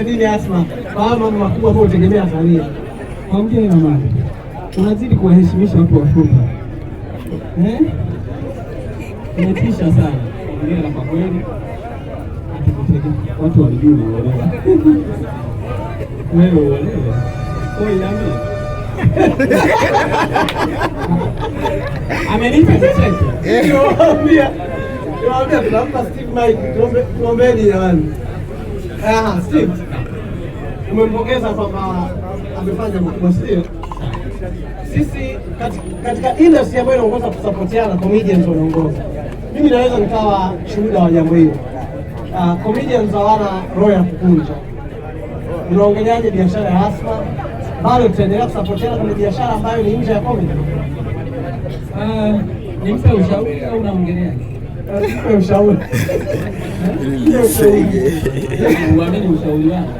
Vile Asma, baba mama wakubwa kwa utegemea familia. Pamoja na mama. Unazidi kuwaheshimisha watu wakubwa. Eh? Unatisha sana. Ongea kwa kweli. Watu wa mjini wanaelewa. Wewe unaelewa. Oi yami. Amenipa kicheko. Ndio. Eh. Tunampa Steve Mike tuombeni jamani umempongeza kwamba amefanya makubwa, sio? Sisi katika industry ambayo inaongoza kusapotiana, comedians wanaongoza. Mimi naweza nikawa shuhuda wa jambo hilo. Uh, comedians hawana roho ya kukunja. Unaongeleaje biashara ya Asma? Bado tutaendelea kusapotiana kwenye biashara ambayo ni nje ya comedy. Uh, nimpe ushauri au unaongeleaje? Uamini ushauri wangu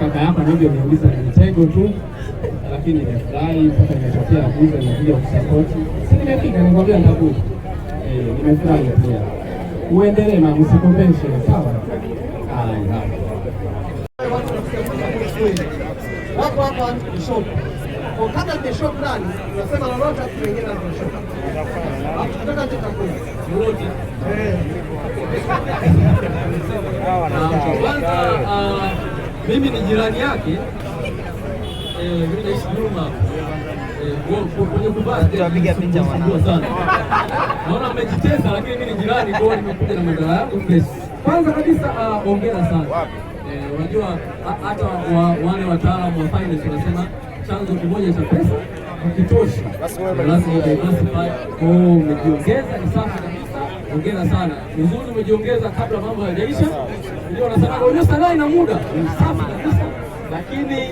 kaka yako anavyo niuliza mtego tu, lakini nimefurahi mpaka imetokea kuuza nakuja kusapoti, si nimefika nikwambia tabu. Nimefurahi pia, uendelee na msikombeshe, sawa wako hapa shop kwa kama fulani unasema Eh. Ah, mimi ni jirani yake. Eh, mimi eh, kwenye Naona mmejitesa lakini mimi ni jirani nimekuja na madhara yangu. Kwanza kabisa ah, hongera sana. Eh, unajua hata wale wataalamu wa finance wanasema chanzo kimoja cha pesa hakitoshi, lazima udiversify. Kwa hiyo umejiongeza, ni safi kabisa, ongeza sana, uzuri umejiongeza kabla mambo hayajaisha. Unajua na sanaa, unajua sanaa ina muda, safi kabisa, lakini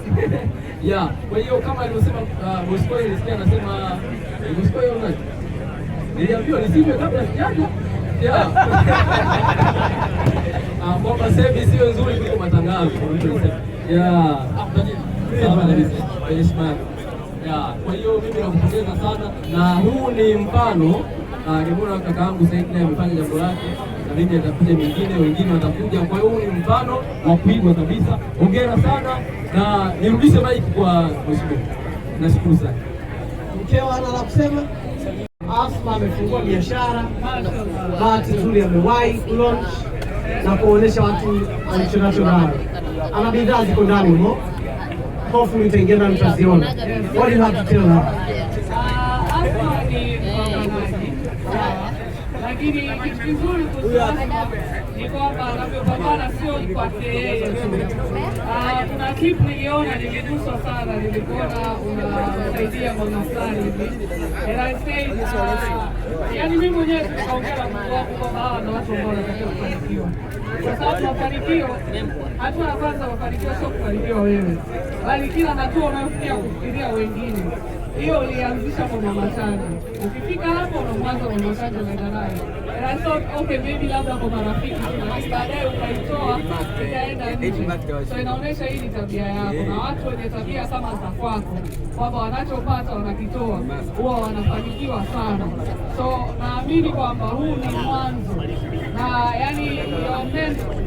ya kwa hiyo kama alivyosema uh, Bosco, nilisikia anasema eh, Bosco, niliambiwa nisivyo kabla sijaja ya Ah, kwamba sasa hivi nzuri kuliko matangazo yeah. Ah, yeah. Kwa hiyo mimi nakupongeza sana, na huu ni mfano ah, nimeona kaka yangu Said naye amefanya jambo lake, na mimi atakuja mingine, wengine watakuja. Kwa hiyo huu ni mfano wa kuigwa kabisa. Hongera sana, na nirudishe maiki kwa mheshimiwa. Nashukuru sana. Mkewa ana la kusema? Asma amefungua biashara, bahati nzuri amewahi kulonch na kuonesha watu walichonacho nayo. Ana bidhaa ziko ndani hofu nitaingia na mtaziona. What do you have to tell her? lakini kitu kizuri ni kwamba anavyopambana sio kwake yeye ah, Kuna clip niliona, niliguswa sana, nilikuona unasaidia kwa mstari hivi, yaani mimi mwenyewe tukaongea na Mungu wangu kwamba hawa na watu ambao wanatakiwa kufanikiwa, kwa sababu mafanikio, hatua ya kwanza mafanikio sio kufanikiwa wewe, bali kila hatua unayofikia kufikiria wengine hiyo ulianzisha kwa matano, ukifika hapo unamwanza unaotaja unaendanayo, okay, maybe labda kwa marafiki, baadaye ukaitoa ikaenda. So inaonyesha hii ni tabia yako, na watu wenye tabia kama za kwako, kwamba wanachopata wanakitoa, huwa wanafanikiwa sana. So naamini kwamba huu ni mwanzo na yani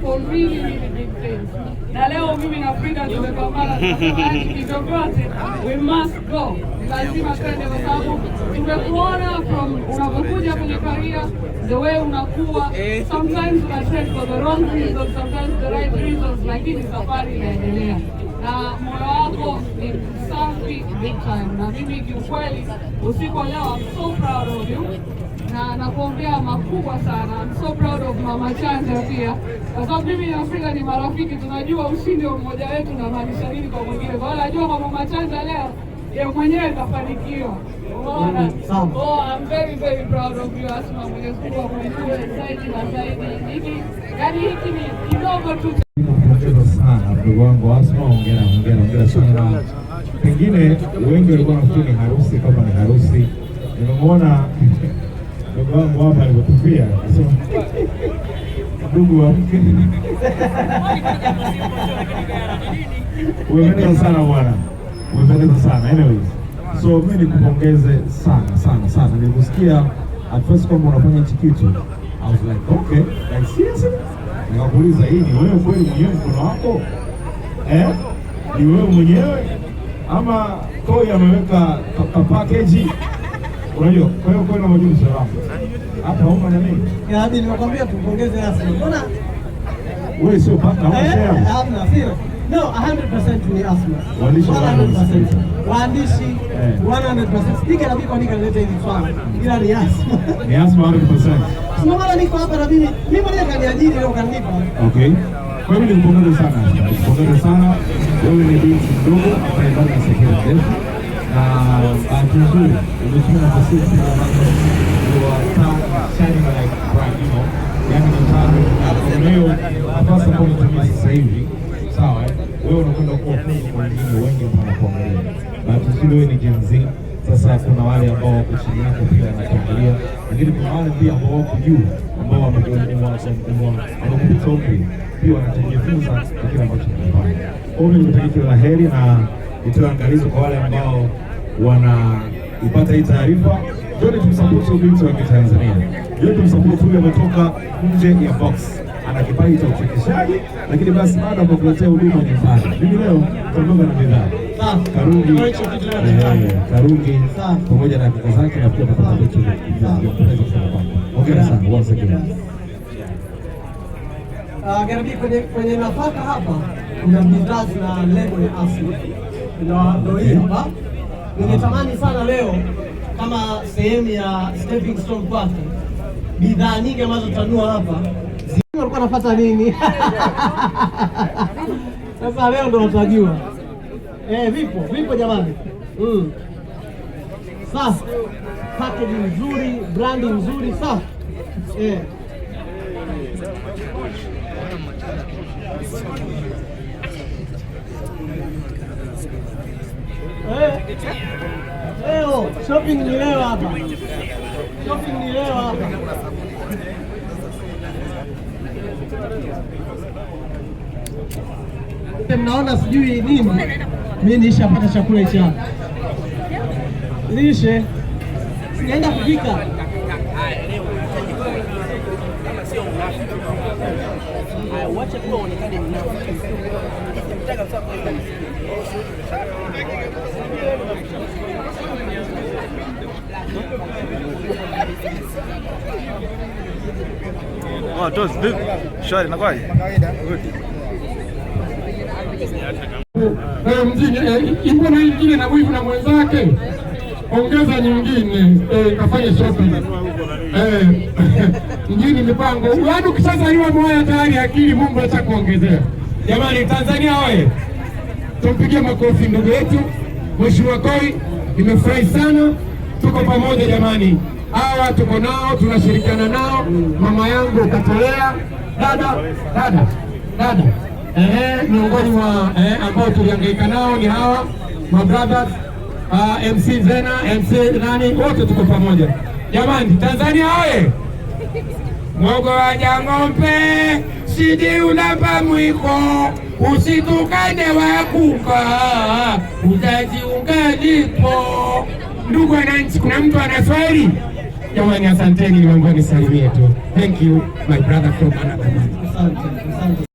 for really really big things. Na leo mimi na Frida tumepambana, yaani, kivyovyote we must go lazima twende, kwa sababu tumekuona from unapokuja kwenye career, the way unakuwa, eh. sometimes una trade for the wrong reasons, sometimes the right reasons, lakini safari inaendelea na moyo wako ni safi big time, na mimi kiukweli, usiku leo I'm so proud of you na nakuombea makubwa sana. I'm so proud of Mama Chanja pia, kwa sababu mimi na Afrika ni marafiki, tunajua ushindi wa mmoja wetu na maanisha nini kwa mwingine. Kwa hiyo najua kwa Mama Chanja leo ya mwenyewe kafanikiwa. Unaona, mm, oh I'm very very proud of you Asma. Mwenyezi Mungu akubariki zaidi na zaidi. Hiki yani hiki ni kidogo tu. mdogo wangu Asma, hongera hongera hongera sana. Pengine wengi walikuwa nafikiri ni harusi kama ni harusi, nimemwona mdogo wangu hapa alivyotupia ndugu wa mke umependeza sana bwana umependeza sana anyways. So mimi nikupongeze sana sana sana, nilikusikia at first kwamba unafanya hichi kitu I was like okay, like seriously? Nikakuuliza, hii ni wewe kweli mwenyewe mkono wako eh? Ni wewe mwenyewe ama Koi ameweka ka package? Unajua, kwa hiyo Koi na majumu salamu hapa homa na mimi ya hadi nimekwambia tupongeze Asili, mbona wewe sio paka au eh, share? Hamna, sio No, 100% ni Asma. Waandishi 100%. Waandishi 100%. Eh. Speaker na mimi naleta hili swala. Ila ni Asma. Ni Asma 100%. Sio mara niko hapa na mimi. Mimi mwenyewe kaniajiri leo kanipa. Okay. Kwa hiyo nikupongeze sana. Nikupongeze sana. Wewe ni binti mdogo ambaye bado na sehemu ndefu. Na bahati nzuri umechukua nafasi hii kwa sababu shining like bright, you know. Yaani mtaani. Leo nafasi ambayo unatumia sasa hivi wewe ni Gen Z. Sasa kuna wale ambao wako chini yako pia wanakuangalia, lakini kuna wale pia ambao wako juu ambao wamekupita umri pia wanachojifunza kwa kile ambacho kinafanya. Kwa hiyo nitakia kila heri na nitoe angalizo kwa wale ambao wanaipata hii taarifa, joni tumsapoti binti wa Kitanzania, joni tumsapoti huyu ametoka nje ya box ana kipaji cha uchekeshaji, lakini basi baada ya kukuletea huduma nyumbani. Mimi leo tunaomba na bidhaa karungi, eh, eh, karungi pamoja na kaka zake na pia kupata vitu hongera sana wasekeni ah, Garibi kwenye kwenye nafaka hapa kuna bidhaa zina lebo ya asili ndio hii hapa. Ningetamani sana leo kama sehemu ya stepping stone kwake, bidhaa nyingi ambazo tanua hapa alikuwa anafuata nini? Sasa leo ndo natajua. Eh, vipo vipo jamani. Mm. Sasa package nzuri, brandi nzuri safi. Eh. Leo eh. eh, oh, shopping ni leo hapa. Shopping ni leo hapa. Mnaona sijui nini, mi nishapata chakula hichi hapa, lishe sijaenda kupika Oh, ah, tozi vipi? Shwari nakwaje? Ipo na ingine eh, na wivu na mwenzake, ongeza nyingine eh, kafanye shopping eh, mjini, mipango watu yaani kishazaliwa mwaya tayari, akili Mungu acha kuongezea. Jamani Tanzania oye, tumpigie makofi ndugu yetu Mheshimiwa Koi. Nimefurahi sana, tuko pamoja jamani hawa tuko nao, tunashirikiana nao. Mama yangu ukatolea dada dada dada, ehe, miongoni mwa eh, ambao tuliangaika nao ni hawa ma brothers uh, ah, MC Zena MC nani, wote tuko pamoja jamani. Tanzania oye! mogo wa Jang'ombe sidi unapa mwiko usitukane wakuka uzaziungalipo. Ndugu wananchi, kuna mtu ana swali? Jamani, asanteni, nimeambiwa nisalimie tu. Thank you my brother from another mother. Asante, Asante.